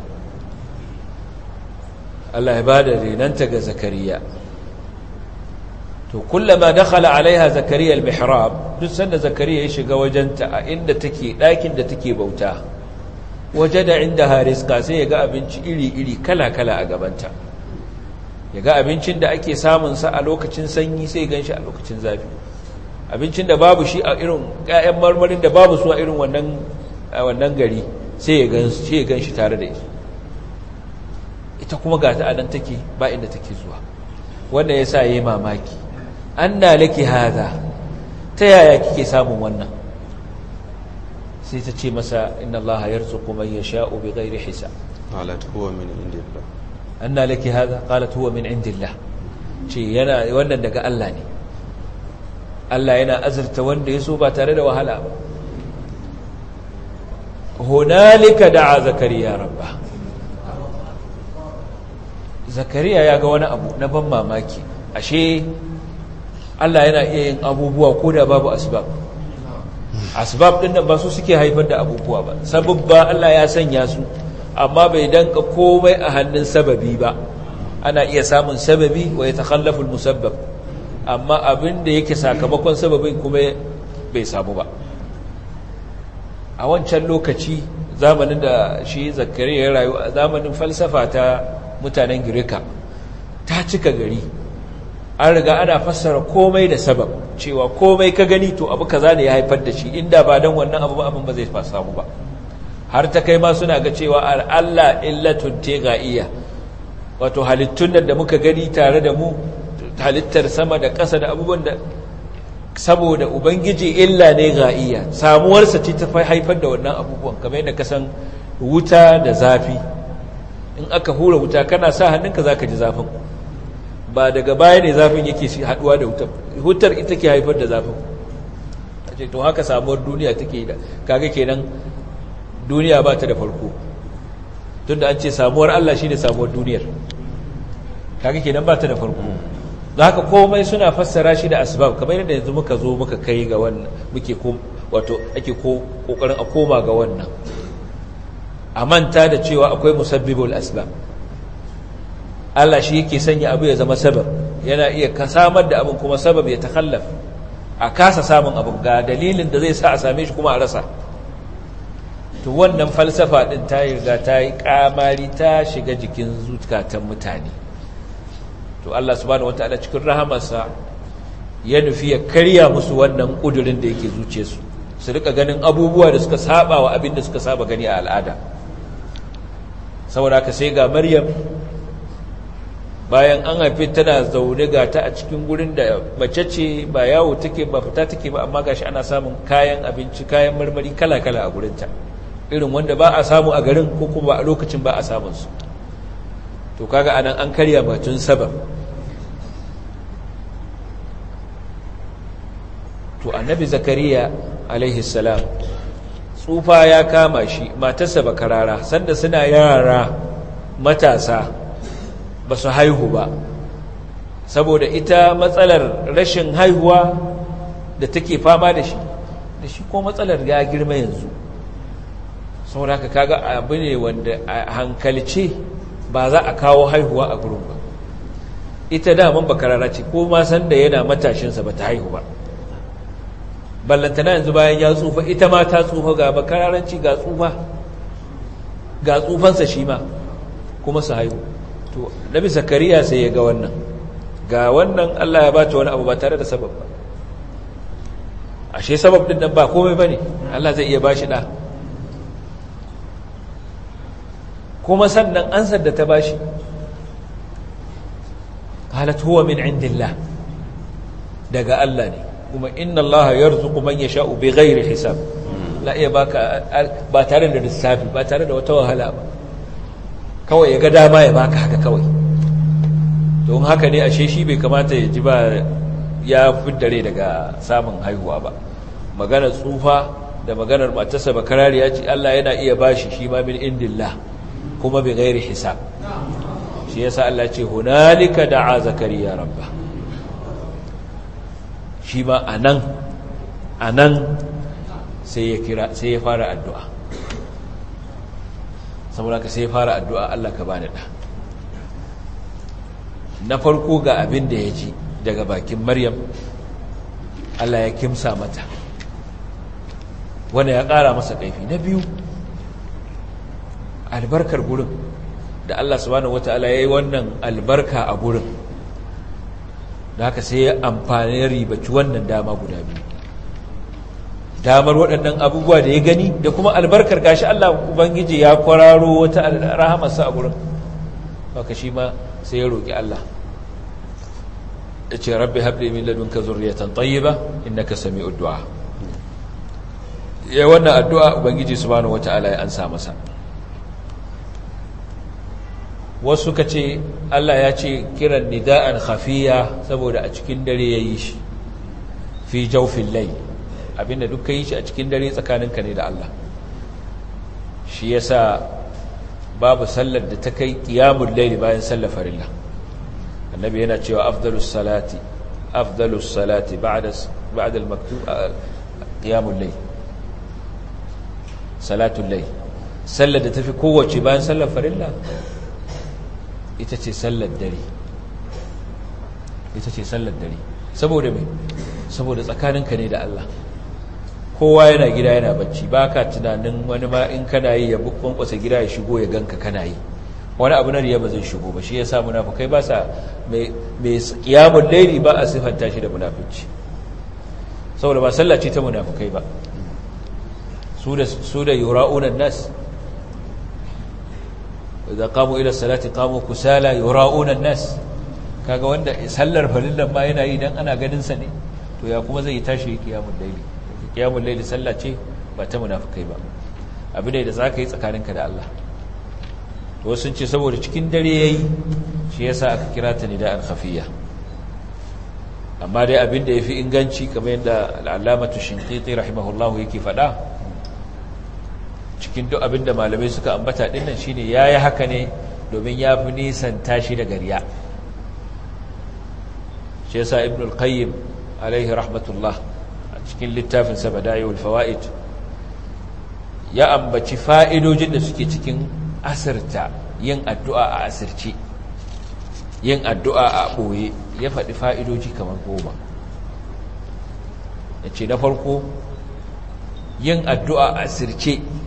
Allah ya bada renanta ga zakariya to kullama dakhala alaiha zakariya al-mihrab duk sanda zakariya ya shiga wajenta a inda take dakin da take bauta wajada indaha rizqa sai ya ga abinci iri-iri kala-kala a gabanta ya ga abincin da ake samun sa a lokacin sanyi sai ganshi a lokacin zafi abincin da babu shi a irin ƴaƴan marmarin da babu su a irin wannan wannan gari sai ya ganshi tare da shi ta kuma ga ta anan take ba inda take zuwa wanda ya sa ya yi mamaki anna laki hadha ta yaya kike samun wannan sai ta ce masa inna allaha yarzuqu man yasha'u bighairi hisab qalat huwa min indillah anna laki hadha qalat huwa min indillah ce yana wannan daga Allah ne Allah yana azurta wanda ya so ba tare da wahala ba hunalika da'a zakariya rabba zakariya ya ga wani abu na ban mamaki ashe Allah yana iya yin abubuwa ko da babu asibab asibab ɗin nan ba su suke haifar da abubuwa ba ba Allah ya sanya su amma bai danka komai a hannun sababi ba ana iya samun sababi wa ya takhallafu musabbab amma abin da yake sakamakon sababin kuma bai samu ba a wancan lokaci zamanin da shi zakariya ya rayu a zamanin falsafa ta mutanen girka ta cika gari an riga ana fassara komai da sabab cewa komai ka gani to abu kaza ne ya haifar da shi inda ba dan wannan abu ba abin ba zai samu ba har ta kai ma suna ga cewa Allah illatun iya. wato halittun da muka gani tare da mu halittar sama da ƙasa da abubuwan da saboda ubangiji illa ne ga'iya samuwarsa ce ta haifar da wannan abubuwan kamar yadda kasan wuta da zafi in aka hura wuta kana sa hannunka za ka ji zafin ba daga baya ne zafin yake haduwa da wutar wutar ita ke haifar da zafin a ce to haka samuwar duniya take yi da kaga kenan duniya ba ta da farko tun da an ce samuwar Allah shi ne samuwar duniyar kaga kenan ba ta da farko Za ka komai suna fassara shi da asbab kamar yadda yanzu muka zo muka kai ga wannan muke ko wato ake ko kokarin a koma ga wannan a manta da cewa akwai musabbibul asbab Allah shi yake sanya abu ya zama sabab yana iya samar da abin kuma sabab ya takallaf a kasa samun abu ga dalilin da zai sa a same shi kuma a rasa to wannan falsafa din ta yi riga ta yi kamari ta shiga jikin zukatan mutane to Allah subhanahu wataala cikin rahamarsa ya nufi ya karya musu wannan kudurin da yake zuciyarsu su rika ganin abubuwa da suka saba wa abin da suka saba gani a al'ada saboda ka sai ga maryam bayan an haife tana zaune ga ta a cikin gurin da mace ce ba yawo take ba fita take ba amma gashi ana samun kayan abinci kayan marmari kala-kala a gurinta irin wanda ba a samu a garin ko kuma a lokacin ba a samun su to kaga anan an karya batun sabab to annabi zakariya alaihi salam tsufa ya kama shi matarsa ba bakarara sanda suna yara matasa ba su haihu ba saboda ita matsalar rashin haihuwa da take fama da shi da shi ko matsalar ya girma yanzu saboda ka kaga abu ne wanda a hankalce ba za a kawo haihuwa a gurin ba ita daman bakarara ce ko ma sanda yana matashinsa ba ta haihu ba ballantana yanzu bayan ya tsufa ita ma ta tsufa ga bakararanci ga tsufa ga tsufansa shi ma kuma su haihu to na nabi kariya sai ya ga wannan ga wannan Allah ya bata wani abu ba tare da sabab ba ashe sabab din nan ba komai ba ne? Allah zai iya bashi da kuma sannan an sadda ta bashi qalat huwa min indillah daga Allah ne kuma inna allaha ya man yasha'u bighairi hisab la iya baka ba tare da lissafi ba tare da wata wahala ba kawai ya ga dama ya baka haka kawai don haka ne ashe shi bai kamata ya ji ba ya fiddare daga samun haihuwa ba maganar tsufa da maganar matarsa karari ya ce Allah yana iya bashi shi ma min indillah kuma bai gairi hisab shi yasa Allah ce hunalika da'a zakariya rabba shi ma a nan a nan sai ya fara addu'a saboda ka sai ya fara addu'a Allah ka bani da na farko ga abin da ya ji daga bakin maryam Allah ya kimsa mata wanda ya ƙara masa ƙaifi na biyu albarkar gurin da Allah subhanahu ya yi wannan albarka a gurin da haka sai ya amfani ya ribaci wannan dama guda biyu damar waɗannan abubuwa da ya gani da kuma albarkar gashi Allah ubangiji ya kwararo wata rahamarsa a gurin haka shi ma sai ya roƙi Allah ya ce rabbi haɗe min ba zurriyatan tayyiba innaka sami'ud du'a ya wannan addu'a ubangiji subhanahu wataala ya ansa masa wasu ka ce Allah ya ce kiran nida'an khafiya saboda a cikin dare ya yi shi fi jaufin lai abinda duk ka yi shi a cikin dare tsakaninka ne da Allah shi ya sa babu sallar da ta kai qiyamul layli bayan sallar farilla annabi yana cewa afdalus salati afdalus salati ba'da al-maktub qiyamul layl salatul layl sallar da tafi kowace bayan sallar farilla ita ce sallar dare ita ce sallar dare saboda mai saboda tsakaninka ne da Allah kowa yana gida yana bacci ba ka tunanin wani ma in kana yi ya kwasa gida ya shigo ya ganka kana yi wani abu na riya ba zai shigo ba shi ya sa munafukai ba sa mai kiyamun laili ba a siffanta shi da munafici saboda ba sallaci ta munafukai ba su da yura'unan nas idza qamu ila salati kamo kusala yura'una an-nas kaga wanda sallar farillan ma yana yi dan ana ganin sa ne to ya kuma zai tashi kiyamul layli kiyamul layli sallah ce ba ta munafikai ba abu ne da zaka yi tsakaninka da Allah to sun ce saboda cikin dare yayi shi yasa aka kira ta nida'an khafiyya amma dai abin da yafi inganci kamar yadda al-allamatu shinqiti rahimahullahu yake faɗa cikin duk abin da malamai suka ambata dinnan ya yi haka ne domin ya fi nisan tashi da gariya shi yasa ibn al-qayyim alaihi rahmatullah a cikin littafin sa bada'ul fawaid ya ambaci fa'idojin da suke cikin asirta yin addu'a a asirce yin addu'a a ɓoye ya faɗi fa'idoji kamar goma ce na farko yin addu'a a asirce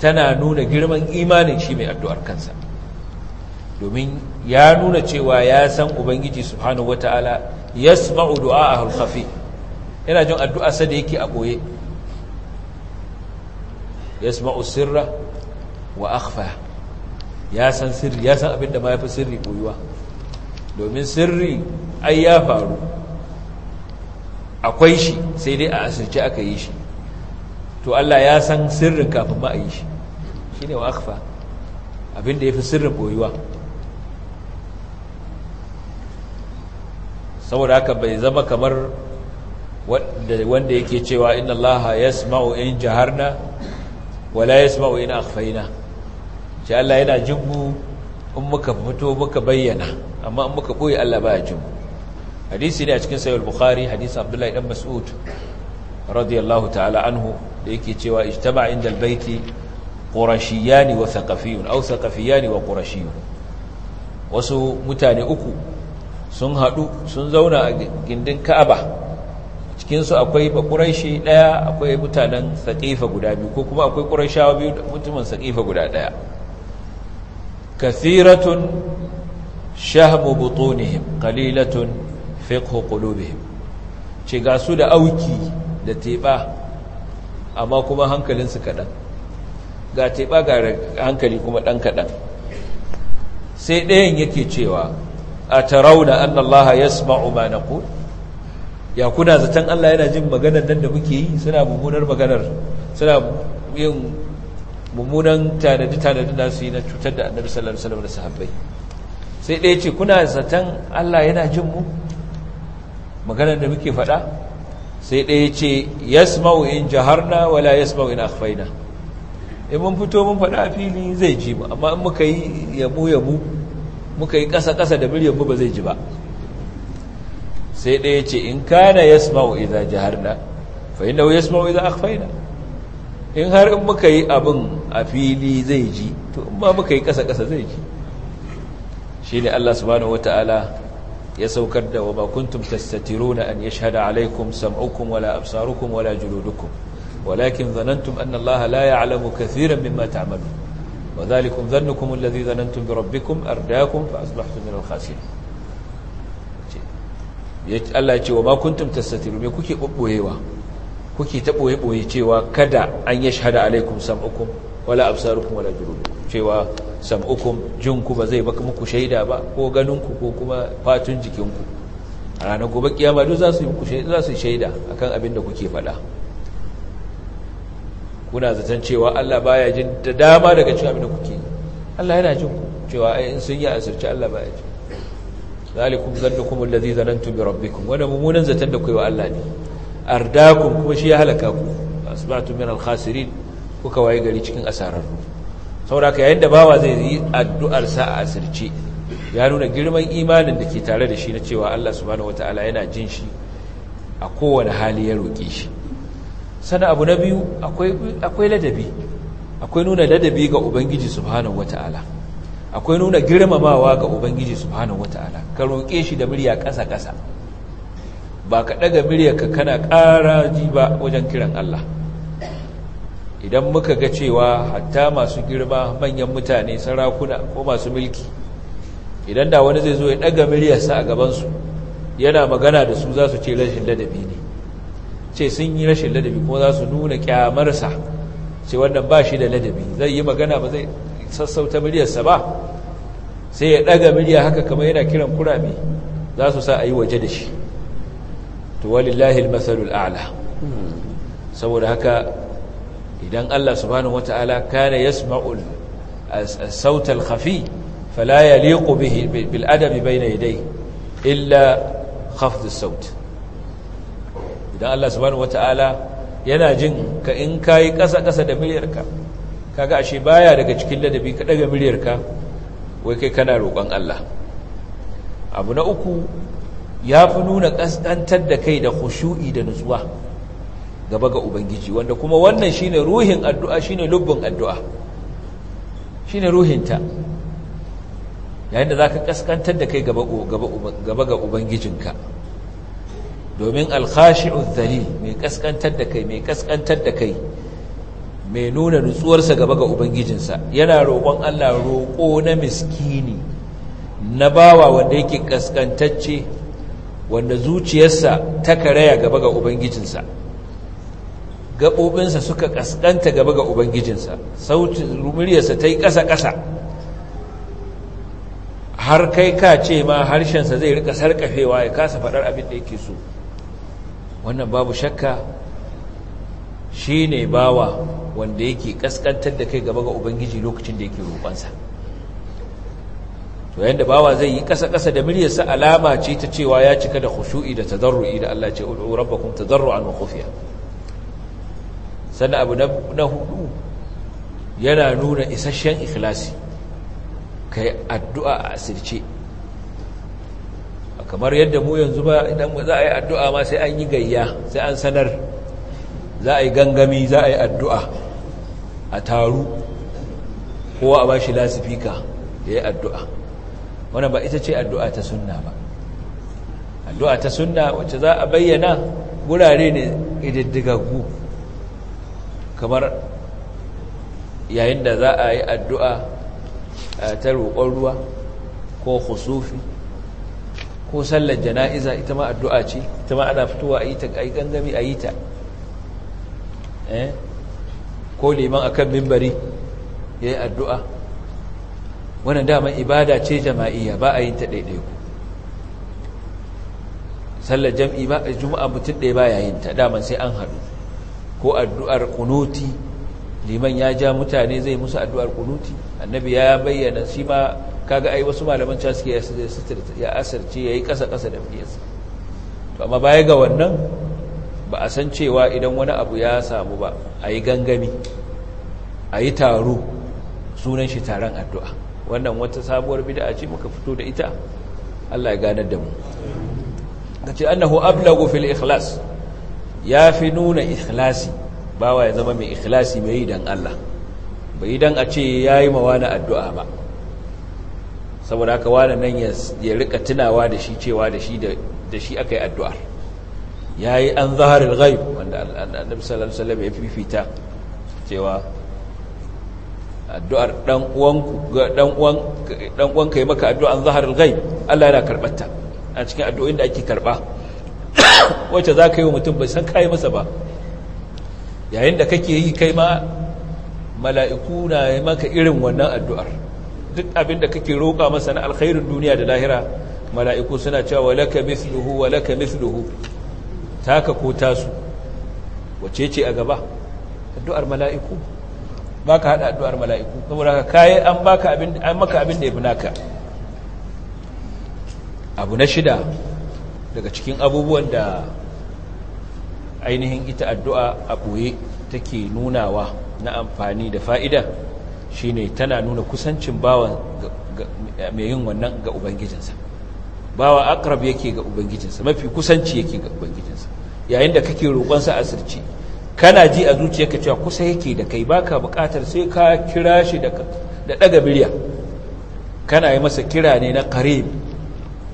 tana nuna girman imanin shi mai addu'ar kansa domin ya nuna cewa ya san ubangiji subhanahu wata'ala yasma'u du'a a khafi yana jin addu'a sa da yake a boye yasma'u sirra wa akhfa ya san sirri ya san abinda ma ya fi sirri koyuwa domin sirri ai ya faru akwai shi sai dai a asirce aka yi shi to Allah ya san sirrin kafin ma a yi shi ne wa abin da fi sirrin boyuwa saboda haka bai zama kamar wanda yake cewa inna Allah yasma'u in jaharna wala yasma'u in akhfaina ce Allah yana jin mu in muka fito muka bayyana amma in muka koyi Allah baya jin mu hadisi ne a cikin sahih al-bukhari hadisi Abdullahi ibn Mas'ud radiyallahu ta'ala anhu da yake cewa ijtama inda albayti qurashiyani wa thaqafiyun aw thaqafiyani wa qurashiyun wasu mutane uku sun hadu sun zauna a gindin Ka'aba cikin su akwai bakuraishi daya akwai mutanen Saqifa guda biyu ko kuma akwai qurayshawa biyu da mutumin Saqifa guda daya kathiratun shahmu butunihim qalilatun fiqhu qulubihim ce ga su da auki da teba amma kuma hankalinsu kaɗan ga teɓa ga hankali kuma ɗan kaɗan sai ɗayan yake cewa a tarauna allah ya sma'u ma na ku ya kuna zaton Allah yana jin maganar nan da muke yi suna mummunar maganar suna yin mummunan tanadi-tanadi da su yi na cutar da annabi sallallahu salam da sahabbai sai ɗaya ce kuna zaton Allah yana jin mu maganar da muke faɗa sai ɗaya ce yasma'u in jaharna wala yasma'u in akhfaina in mun fito mun faɗa a fili zai ji mu amma in muka yi yamu yamu muka yi ƙasa ƙasa da muryar mu ba zai ji ba sai ɗaya ce in kana yasma'u idza jaharna fa innahu yasma'u idza akhfaina in har in muka yi abin a fili zai ji to in ma muka yi ƙasa ƙasa zai ji shine Allah subhanahu wataala ya saukar da wa ma kuntum tastatiruna an yashhada alaikum sam'ukum wala absarukum wala juludukum walakin dhanantum anna Allah la ya'lamu kathiran mimma ta'malun wa dhalikum dhannukum alladhi dhanantum bi rabbikum ardaakum fa asbahtum min al-khasirin Allah ya ce wa ma kuntum me kuke bobboyewa kuke ta boye boye cewa kada an yashhada alaikum sam'ukum wala absarukum wala juludukum cewa sam'ukum jinku ba zai baka muku shaida ba ko ganinku ko kuma fatun jikinku a ranar gobe kiyama duk za su yi muku shaida za su shaida akan abin da kuke faɗa kuna zaton cewa Allah baya jin da dama daga cikin abin da kuke Allah yana jin ku cewa ai in sun yi asirci Allah baya jin zalikum zannukum allazi zanantum bi rabbikum wannan mumunan zaton da kuwa Allah ne ardakum kuma shi ya halaka ku asbatu min al-khasirin kuka waye gari cikin asararru saboda ka yayin da bawa zai yi addu'ar sa a asirce ya nuna girman imanin da ke tare da shi na cewa Allah subhanahu wataala yana jin shi a kowane hali ya roƙe shi sana abu na biyu akwai ladabi akwai nuna ladabi ga ubangiji subhanahu wataala akwai nuna girmamawa ga ubangiji subhanahu wataala ka roƙe shi da murya ƙasa-ƙasa ba ka ɗaga muryarka kana ƙara ji ba wajen kiran Allah idan muka ga cewa hatta masu girma manyan mutane sarakuna ko masu milki idan da wani zai zo ya ɗaga miliyarsa a gabansu yana magana da su za su ce rashin ladabi ne ce sun yi rashin ladabi kuma za su nuna kyamarsa ce wannan ba shi da ladabi zai yi magana ba zai sassauta miliyarsa ba sai ya daga miliyar haka kamar yana kiran kurame za su sa a yi waje da shi to walillahi almasalul a'la saboda haka idan Allah subhanahu wa kana yasma'ul as-saut al-khafi fala yaliqu bihi bil adabi bayna yadayhi illa khafd saut idan Allah subhanahu ta'ala yana jin ka in kai kasa-kasa da miliyarka kaga ashe baya daga cikin ladabi ka daga miliyarka wai kai kana roƙon Allah abu na uku ya fi nuna ƙasƙantar da kai da khushu'i da nutsuwa gaba ga ubangiji wanda kuma wannan shine ruhin addu'a shine lubbin addu'a shine ruhinta yayin da zaka kaskantar da kai gaba gaba gaba ga ubangijinka domin al-khashi'u dhalil mai kaskantar da kai mai kaskantar da kai mai nuna nutsuwarsa gaba ga ubangijinsa yana roƙon Allah roƙo na miskini na bawa wanda yake kaskantacce wanda zuciyarsa ta karaya gaba ga ubangijinsa gaɓoɓinsa suka ƙasƙanta gaba ga ubangijinsa sautin muryarsa ta yi ƙasa-ƙasa har kai ka ce ma harshensa zai rika sarƙafewa ya kasa faɗar abin da yake so wannan babu shakka shi ne bawa wanda yake ƙasƙantar da kai gaba ga ubangiji lokacin da yake roƙonsa to yadda bawa zai yi ƙasa-ƙasa da muryarsa alama ce ta cewa ya cika da khushu'i da tazarru'i da Allah ce rabbakum tazarru'an wa khufiya sannan abu na hudu yana nuna isasshen ikilasi ka yi addu'a a asirce kamar yadda mu yanzu ba idan za a yi addu'a ma sai an yi gayya sai an sanar za a yi gangami za a yi addu'a a taru kowa a ba shi lasifika ya yi addu'a wannan ba ita ce addu'a ta sunna ba addu'a ta sunna wacce za a bayyana wurare ne ididdigaggu kamar yayin da za a yi addu'a eh, ta roƙon ruwa ko husufi ko sallar jana'iza ita ma addu'a ce ita ma ana fitowa a yi ta ai gangami a yi ta eh, ko a akan mimbari ya yi addu'a wani damar ibada ce jama'iyya ba a yi ta ɗaiɗaiku sallar jam'i ba a juma'a mutum ɗaya ba yayin ta damar sai an haɗu ko addu'ar ƙunuti liman ya ja mutane zai musu addu'ar kunuti annabi ya bayyana shi ma kaga ai wasu malaman cewa suke ya asirce yayi kasa kasa da fiyarsa to amma baya ga wannan ba a san cewa idan wani abu ya samu ba a yi gangami a yi taro sunan shi taron addu'a wannan wata sabuwar bida ce muka fito da ita Allah ya ganar da mu ka ce annahu ablagu fil ikhlas ya fi nuna ikhlasi wa ya zama mai ikhlasi mai yi don Allah bai idan a ce ya yi mawa na addu'a ba saboda haka wani nan ya rika tunawa da shi cewa da shi aka yi addu'ar ya yi an zaharar ghaib wanda annabi sallallahu ya fifita cewa addu'ar dan ka yi maka addu'an zaharar ghaib Allah yana karɓarta a cikin addu'o'in da ake karɓa wacce za ka yi wa mutum bai san kayi masa ba yayin da kake yi kai ma mala'iku na yi maka irin wannan addu'ar duk abin da kake roƙa masa na alkhairin duniya da lahira mala'iku suna cewa walaka misluhu walaka misluhu taka ko tasu wace ce a gaba addu'ar mala'iku ba ka haɗa addu'ar mala'iku saboda ka kayi an maka abin da ya fi naka abu na shida daga cikin abubuwan da ainihin ita addu'a a ɓoye take nunawa na amfani da fa'ida shine tana nuna kusancin bawa mai yin wannan ga ubangijinsa bawa akrab yake ga ubangijinsa mafi kusanci yake ga ubangijinsa yayin da kake roƙonsa a sirci kana ji a zuciyarka cewa kusa yake da kai baka buƙatar sai ka kira shi da ɗaga miliya kana yi masa kira ne na ƙarib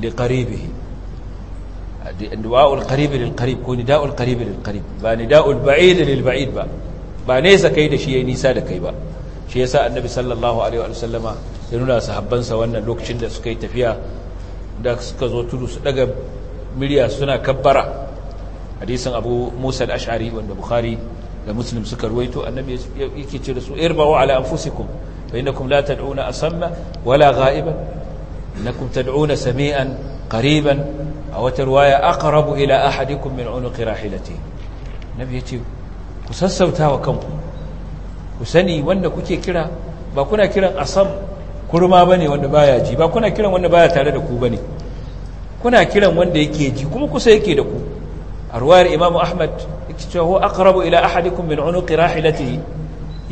da ƙaribihi du'a'ul qarib lil qarib ko nida'ul qarib lil qarib ba nida'ul ba'id lil ba'id ba ba nesa kai da shi yayi nisa da kai ba shi yasa annabi sallallahu alaihi wa sallama ya nuna sahabbansa wannan lokacin da suka yi tafiya da suka zo tudu su daga miliya suna kabbara hadisin abu musa al-ash'ari wanda bukhari da muslim suka ruwaito annabi yake ce da su irba'u ala anfusikum fa innakum la tad'una asamma wala gha'iban innakum tad'una sami'an qariban a wata ruwaya aka rabu ila ahadikum min unuqi rahilati nabi yace ku sassauta wa kanku ku sani wanda kuke kira ba kuna kiran asam kurma bane wanda baya ji ba kuna kiran wanda baya tare da ku bane kuna kiran wanda yake ji kuma kusa yake da ku a ruwayar imamu ahmad yake cewa aka rabu ila ahadikum min unuqi rahilatihi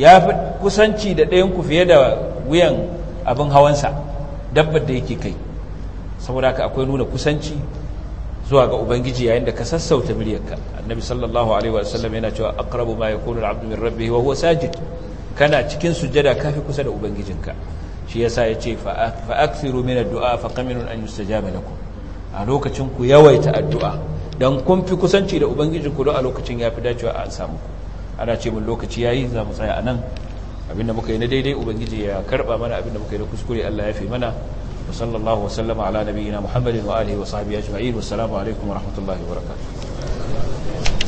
ya fi kusanci da ɗayan ku fiye da wuyan abin hawansa dabbar da yake kai saboda haka akwai nuna kusanci zuwa ga ubangiji yayin da ka sassauta miryarka annabi sallallahu alaihi wa sallam yana cewa aqrabu ma yakunu al-abdu min wa huwa sajid kana cikin sujada kafi kusa da ubangijinka shi yasa yace fa akthiru min ad-du'a fa qaminun an yustajaba lakum a lokacin ku yawaita addu'a dan kun fi kusanci da ubangijinku don a lokacin yafi dacewa a samu ana ce mun lokaci yayi za mu tsaya anan abinda muka yi na daidai ubangiji ya karba mana abinda muka yi na kuskure Allah ya fi mana وصلى الله وسلم على نبينا محمد وآله وصحبه أجمعين والسلام عليكم ورحمة الله وبركاته